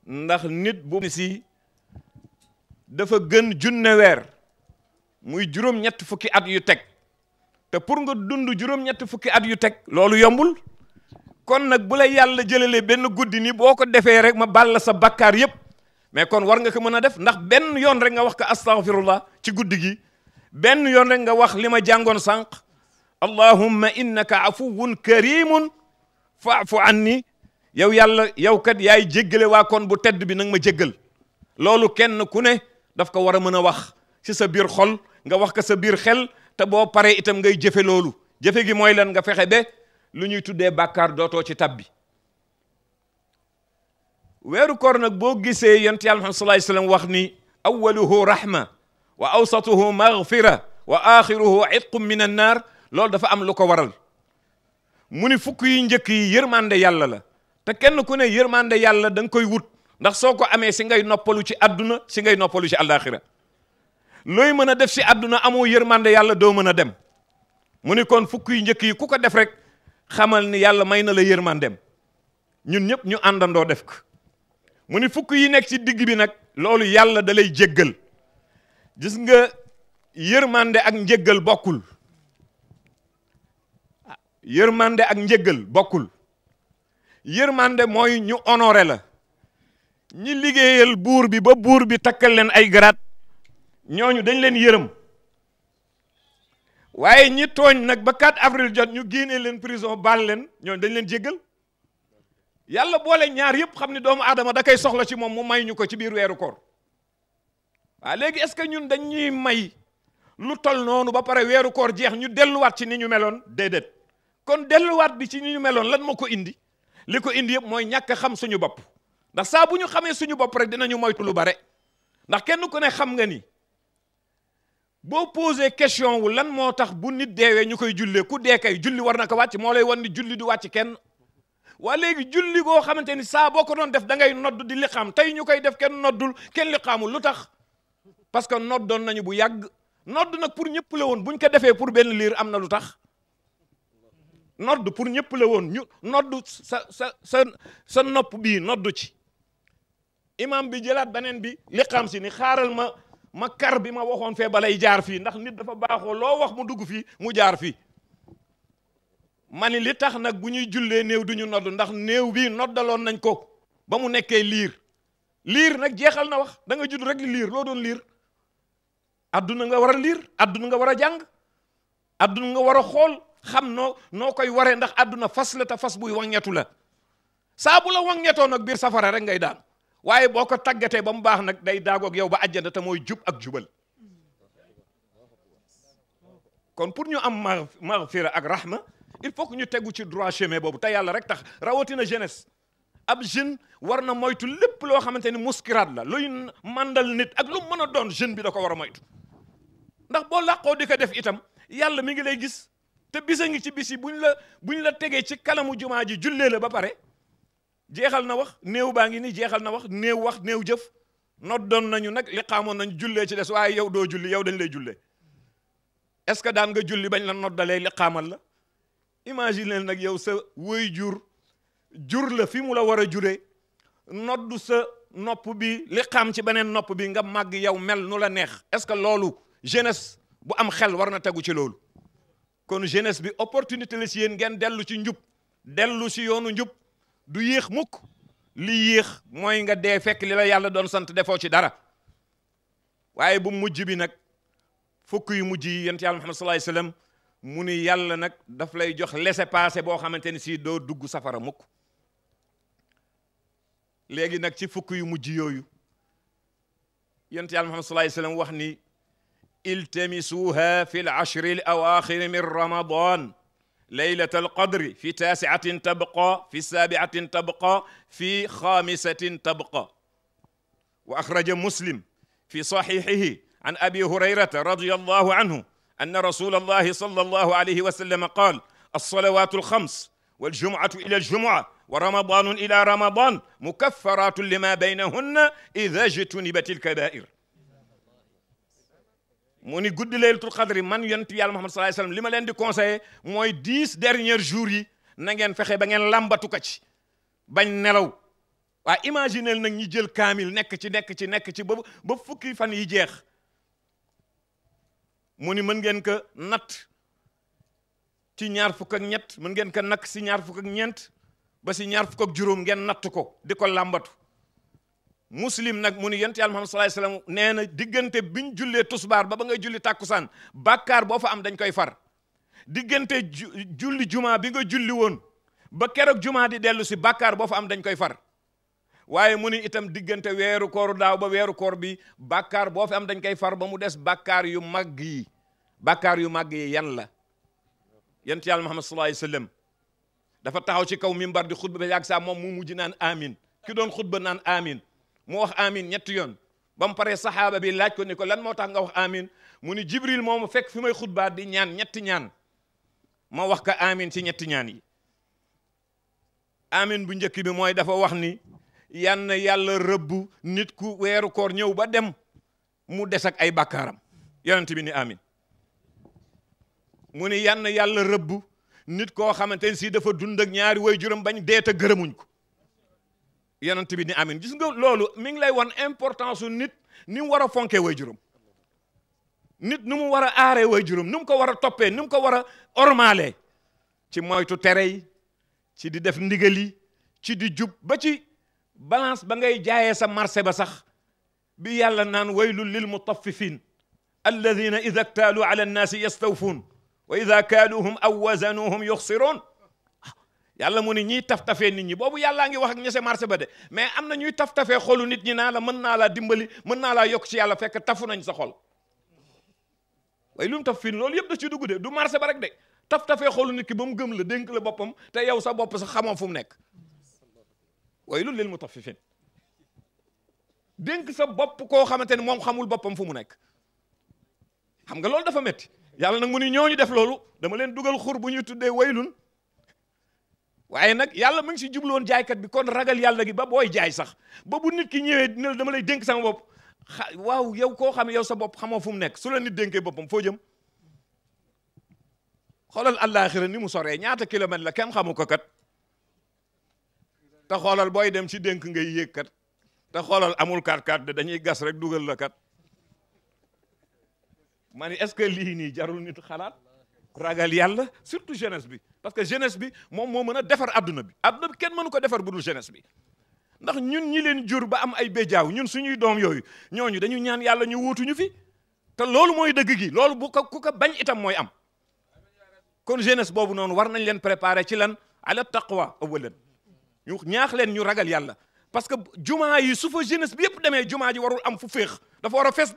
ndax nit bu si dafa gën junne weer muy juróom ñett fukki at yu teg te pour nga dund juróom-ñetti fukki at yu teg loolu yombul kon nag bu la yàlla jëlalee benn guddi nii boo ko defee rek ma bàll sa bakkaar yépp mais kon war nga ko mën a def ndax benn yoon rek nga wax ko astaghfirullah ci guddi gi benn yoon rek nga wax li ma jàngoon sànq allahumma innaka afuwun karimun faafu anni yow yàlla yow kat yaay jéggale waa kon bu tedd bi nag ma jéggal loolu kenn ku ne daf ko war a mën a wax ci sa biir xol nga wax ko sa biir xel te boo paree itam ngay jëfe loolu jëfe gi mooy lan nga fexe ba lu ñuy tuddee bàkkaar dootoo ci tab bi weeru kor nag boo gisee yonent yàlla Muhammad sallallahu alayhi wasallam wax ni awwaluhu rahma wa awsatuhu maghfira wa axiruhu itqum min an naar loolu dafa am lu ko waral mu ni fukk yi njëkk yi yërmande yàlla la te kenn ku ne yërmande yàlla da nga koy wut ndax soo ko amee si ngay noppalu ci adduna si ngay noppalu ci àllaaxira looy mën a def si àdduna amoo yërmande yàlla doo mën a dem mu ni kon fukk yu njëkk yi ku ko def rek xamal ni yàlla may na la yërmandem ñun ñëpp ñu àndandoo def ko mu ni fukk yi nekk ci digg bi nag loolu yàlla da lay jéggal gis nga yërmande ak njéggal bokkul ah, yërmande ak njéggal bokkul yërmande mooy ñu honoré la ñu liggéeyal buur bi ba buur bi takkal leen ay garaat ñooñu dañ leen yërëm waaye ñi tooñ nag ba 4 avril jot ñu génnee leen prison baal leen ñooñu dañ leen jéggal yàlla boole ñaar yëpp xam ne doomu aadama da koy soxla ci moom mu may ñu ko ci biir weeru koor waaw léegi est-ce que ñun dañ ñuy may lu tol noonu ba pare weeru koor jeex ñu delluwaat ci ni ñu meloon déedéet kon delluwaat bi ci ni ñu meloon lan ma ko indi li ko indi yëpp mooy ñàkk xam suñu bopp ndax saa bu ñu xamee suñu bopp rek dinañu moytu lu bare ndax kenn ku ne xam nga ni boo posé question wu lan moo tax bu nit deewee ñu koy jullee ku dee kay julli war na ko wàcc moo lay wan ni julli du wàcc kenn waa léegi julli koo xamante ni saa boo ko doon def da ngay nodd di liqaam tey ñu koy def kenn noddul kenn liqaamul lu tax parce que noddoon nañu bu yàgg nodd nag pour ñëpp la woon buñ ko defee pour benn liir am na lu tax nodd pour ñëpp la woon ñu nodd sa sa sa sa nopp bii nodd ci imam bi jëlaat beneen bi liqaam si ni xaaral ma ma kar bi ma waxoon fee balay jaar fii ndax nit dafa baaxoo loo wax mu dugg fii mu jaar fi ma ni li tax nag bu ñuy jullee néew du ñu nodd ndax néew bii noddaloon nañ ko ba mu nekkee liir liir nag jeexal na wax da nga judd rek liir loo doon liir adduna nga war a liir adduna nga war a jàng adduna nga war a xool xam noo noo koy waree ndax adduna fas la te fas buy waŋñetu la saabu bu la waŋñetoo nag biir safara rek ngay daal waaye boo ko tàggatee ba mu baax nag day daagook yow ba àjjana ta mooy jub ak jubal kon pour ñu am ma magfira ak rahma il faut que ñu tegu ci droit chemin boobu te yàlla rek tax rawatina jeunesse ab jeune war na moytu lépp loo xamante ni muskiraat la luy mandal nit ak lu mën a doon jeune bi da ko war a moytu ndax boo làqoo di ko def itam yàlla mi ngi lay gis te bisa ngi ci bis yi buñ la buñ la tegee ci kanamu jumaa ji jullee la ba pare jeexal na wax néew baa ngi nii jeexal na wax néew wax néew jëf noddoon nañu nag li xaamoon nañu jullee ci des waaye yow doo julli yow dañ lay jullee est-ce que daan nga julli bañ la noddalee li xaamal la imagine nag yow sa wëy jur jur la fi mu la war a juree noddu sa nopp bi li xaam ci beneen nopp bi nga màgg yow mel nu la neex est-ce que loolu jeunesse bu am xel war na tegu ci loolu kon jeunesse bi opportunité la si yéen ngeen dellu ci njub dellu si yoonu njub du yéex mukk li yéex mooy nga dee fekk li la yàlla doon sant defoo ci dara waaye bu mujj bi nag fukk yu mujj yi yonent yàlla Muhammad sallallahu alayhi wasallam mu ni yàlla nag daf lay jox laissez-passer boo xamante ni si doo dugg safara mukk léegi nag ci fukk yu mujj yooyu yonent yàlla Muhammad sallallahu alayhi wasallam wax ni iltamisuha fi l ashri l awaaxiri ليلة القدر في تاسعة تبقى في سابعة تبقى في خامسة تبقى وأخرج مسلم في صحيحه عن أبي هريرة رضي الله عنه أن رسول الله صلى الله عليه وسلم قال الصلوات الخمس والجمعة إلى الجمعة ورمضان إلى رمضان مكفرات لما بينهن إذا اجتنبت الكبائر mu ni guddi laylatul qadri man yonent yàlla Muhammad sallallahu alayhi wasallam li ma leen di conseillé mooy dix derniers jours yi na ngeen fexe ba ngeen làmbatu ko ci bañ nelaw waaye imaginel nag ñi jël kaamil nekk ci nekk ci nekk ci ba ba fukki fan yi jeex mu ni mën ngeen ko natt ci ñaar fukk ak ñett mën ngeen ka nakk si ñaar fukk ñeent ba si ñaar fukk juróom ngeen natt ko di ko làmbatu muslim nag mu ni yonent yàlla Muhammad sallallahu nee na diggante biñ jullee tusbaar ba ba ngay julli tàkkusaan bàkkaar boo fa am dañ koy far diggante julli jumaa bi nga julli woon ba keroog jumaa di dellu si bàkkaar boo fa am dañ koy far waaye mu ni itam diggante weeru koor daaw ba weeru koor bi bàkkaar boo fi am dañ koy far ba mu des bàkkaar yu màgg yi bàkkaar yu màgg yi yan la yonent yàlla Muhammad sallallahu alayhi wasallam dafa taxaw ci kaw mimbar di xutba ba yàgg saa moom mu mujj naan amin ki doon xutba naan amin mu wax amin ñetti yoon ba pare saxaaba bi laaj ko ni ko lan moo tax nga wax amin mu ni jibril moomu fekk fi may xutbaa di ñaan ñetti ñaan ma wax ka amin si ñetti ñaan yi amin bu njëkk bi mooy dafa wax ni yan yàlla rëbbu nit ku weeru koor ñëw ba dem mu des ak ay bàkkaaram yonent bi ni amin mu ni yan yàlla rëbbu nit koo xamante ne si dafa dund ak ñaari way juram bañ deeta gërëmuñ ko yonent bi ni amin gis nga loolu mi ngi lay wan importance su nit ni mu war a fonkee way juróom nit nu mu war a aaree way juróom nu mu ko war a toppee nu mu ko war a ormaalee ci moytu tere yi ci di def ndigal yi ci di jub ba ci balance ba ngay jaayee sa marché ba sax bi yàlla naan waylul lil mutaffifin alladina ida ktaaluu ala annaasi yastawfuun wa ida kaaluuhum aw wazanuuhum yuxsiroon yàlla mu ne ñii taf-tafee nit ñi boobu yàllaa ngi wax ak ñese marché ba de mais am na ñuy taf-tafee xolu nit ñi naa la mën naa laa dimbali mën naa laa yokk ci yàlla fekk tafu nañ sa xol waaye lu mu taf fii loolu yëpp da ci dugg de du marché ba rek de taf-tafee xolu nit ki ba mu gëm la dénk la boppam te yow sa bopp sa xamoo fu mu nekk waaye lu lil mu taf fi fin dénk sa bopp koo xamante ne moom xamul boppam fu mu nekk xam nga loolu dafa métti yàlla nag mu ni ñooñu def loolu dama leen dugal xur bu ñuy tuddee waylu waaye nag yàlla mu ngi si jublu woon jaaykat bi kon ragal yàlla gi ba booy jaay sax ba bu nit ki ñëwee dina dama lay dénk sama bopp xa waaw yow koo xam yow sa bopp xamoo fu mu nekk su la nit dénkee boppam foo jëm xoolal àllaaxira ni mu soree ñaata kilomètre la kem xamu ko kat te xoolal booy dem si dénk ngay yéeg kat te xoolal amul kat kat de dañuy gas rek dugal la kat ma ni est-ce que lii nii jarul nit xalaat ragal yàlla surtout jeunesse bi parce que jeunesse bi moom moo mën a defar adduna bi adduna bi kenn mënu ko defar budul jeunesse bi ndax ñun ñi leen jur ba am ay béjaaw ñun suñuy doom yooyu ñooñu dañu ñaan yàlla ñu wuutuñu fi te loolu mooy dëgg gi loolu bu ko ku ko bañ itam mooy am kon jeunesse boobu noonu war nañ leen préparer ci lan ala taqwa awalan ñu ñaax leen ñu ragal yàlla parce que jumaa yi su fa jeunesse bi demee jumaa ji warul am fu feex dafa war a fees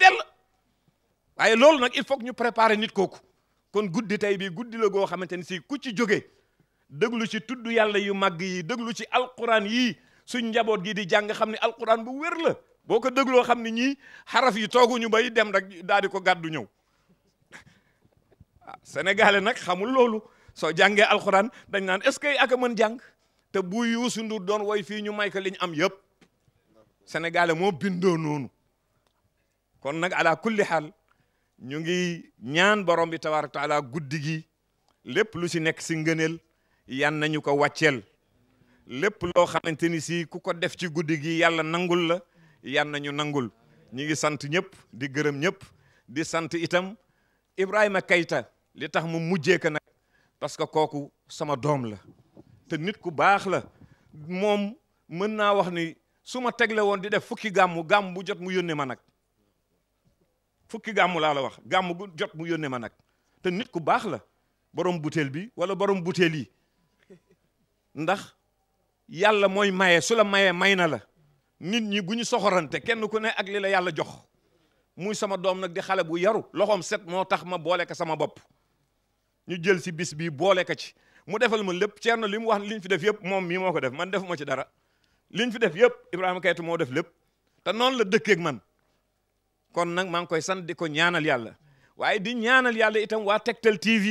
waaye loolu nag il faut ñu préparer nit kooku kon guddi tey bi guddi la goo xamante ni si ku ci jóge déglu ci tudd yàlla yu màgg yi déglu ci alquraan yi suñ njaboot gi di jàng xam ni alquran bu wér la boo ko dégloo xam ne ñii xaraf yi toogu tooguñu bay dem rek daal di ko gàddu ñëw ah nag xamul loolu soo jàngee alquran dañ naan est-ce que ak a mën jàng te bu Youssou Ndour doon woy fii ñu may ko li ñu am yëpp sénégalais moo bindoo noonu kon nag ala kulli xaal ñu ngi ñaan borom bi tabaaraka guddi gi lépp lu si nekk si ngëneel yan nañu ko wàcceel lépp loo xamante ni si ku ko def ci guddi gi yàlla nangul la yan nañu nangul ñu ngi sant ñëpp di gërëm ñëpp di sant itam Ibrahima Keita li tax mu mujjee nag parce que kooku sama doom la te nit ku baax la moom mën naa wax ni su ma tegle woon di def fukki gàmmu gàmm bu jot mu yónnee ma nag fukki gàmmu laa la wax gàmmu gu jot mu yónnee ma nag te nit ku baax la borom butéel bi wala borom butéel yi ndax yàlla mooy maye su la mayee may na la nit ñi bu ñu soxorante kenn ku ne ak li la yàlla jox muy sama doom nag di xale bu yaru loxoom set moo tax ma boole ko sama bopp ñu jël si bis bii boole ko ci mu defal ma lépp Thierno li mu wax li ñu fi def yëpp moom mii moo ko def man defuma ci dara liñ fi def yëpp Ibrahima Keita moo def lépp te noonu la dëkkeek man kon nag maa ngi koy sant di ñaanal yàlla waaye di ñaanal yàlla itam waa Tektal TV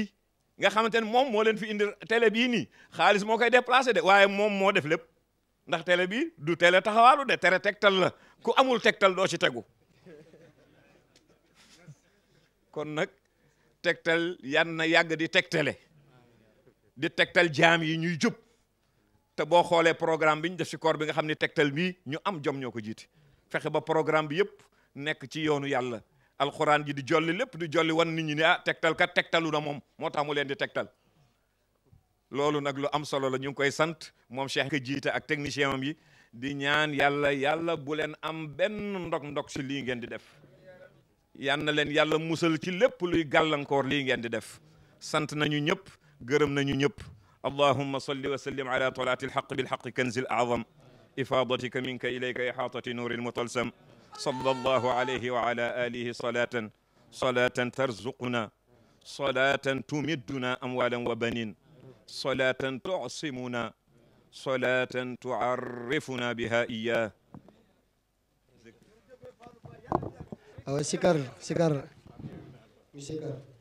nga xamante ne moom moo leen fi indi télé bii nii xaalis moo koy déplacé de waaye moom moo def lépp ndax tele bi du télé taxawaalu de tere Tektal la ku amul Tektal doo ci tegu kon nag Tektal yan na yàgg di tegtale di tektal jaam yi ñuy jub te boo xoolee programme bi ñu def si koor bi nga xam ne Tektal bii ñu am jom ñoo ko jiit fexe ba programme bi yëpp nekk ci yoonu yàlla alxuraan ji di jolli lépp di jolli wan nit ñi ne ah tegtal kat tegtalu na moom moo tax mu leen di tegtal loolu nag lu am solo la ñu ngi koy sant moom cheikh ka jiite ak technicien am yi di ñaan yàlla yàlla bu leen am benn ndok ndok ci lii ngeen di def yan na leen yàlla musal ci lépp luy gàllankoor lii ngeen di def sant nañu ñëpp gërëm nañu ñëpp allahumma salli wa sallim ala tolaati alxaq bilxaq kanzi alazam ifadatika minka ilayka ihaatati nuuri almutalsam sallallahu alayhi wa ala alihi salatan salatan tarzuquna salatan tumidduna amwalan wa banin salatan tusimuna salatan tuarrifuna biha iya awa sikar sikar sikar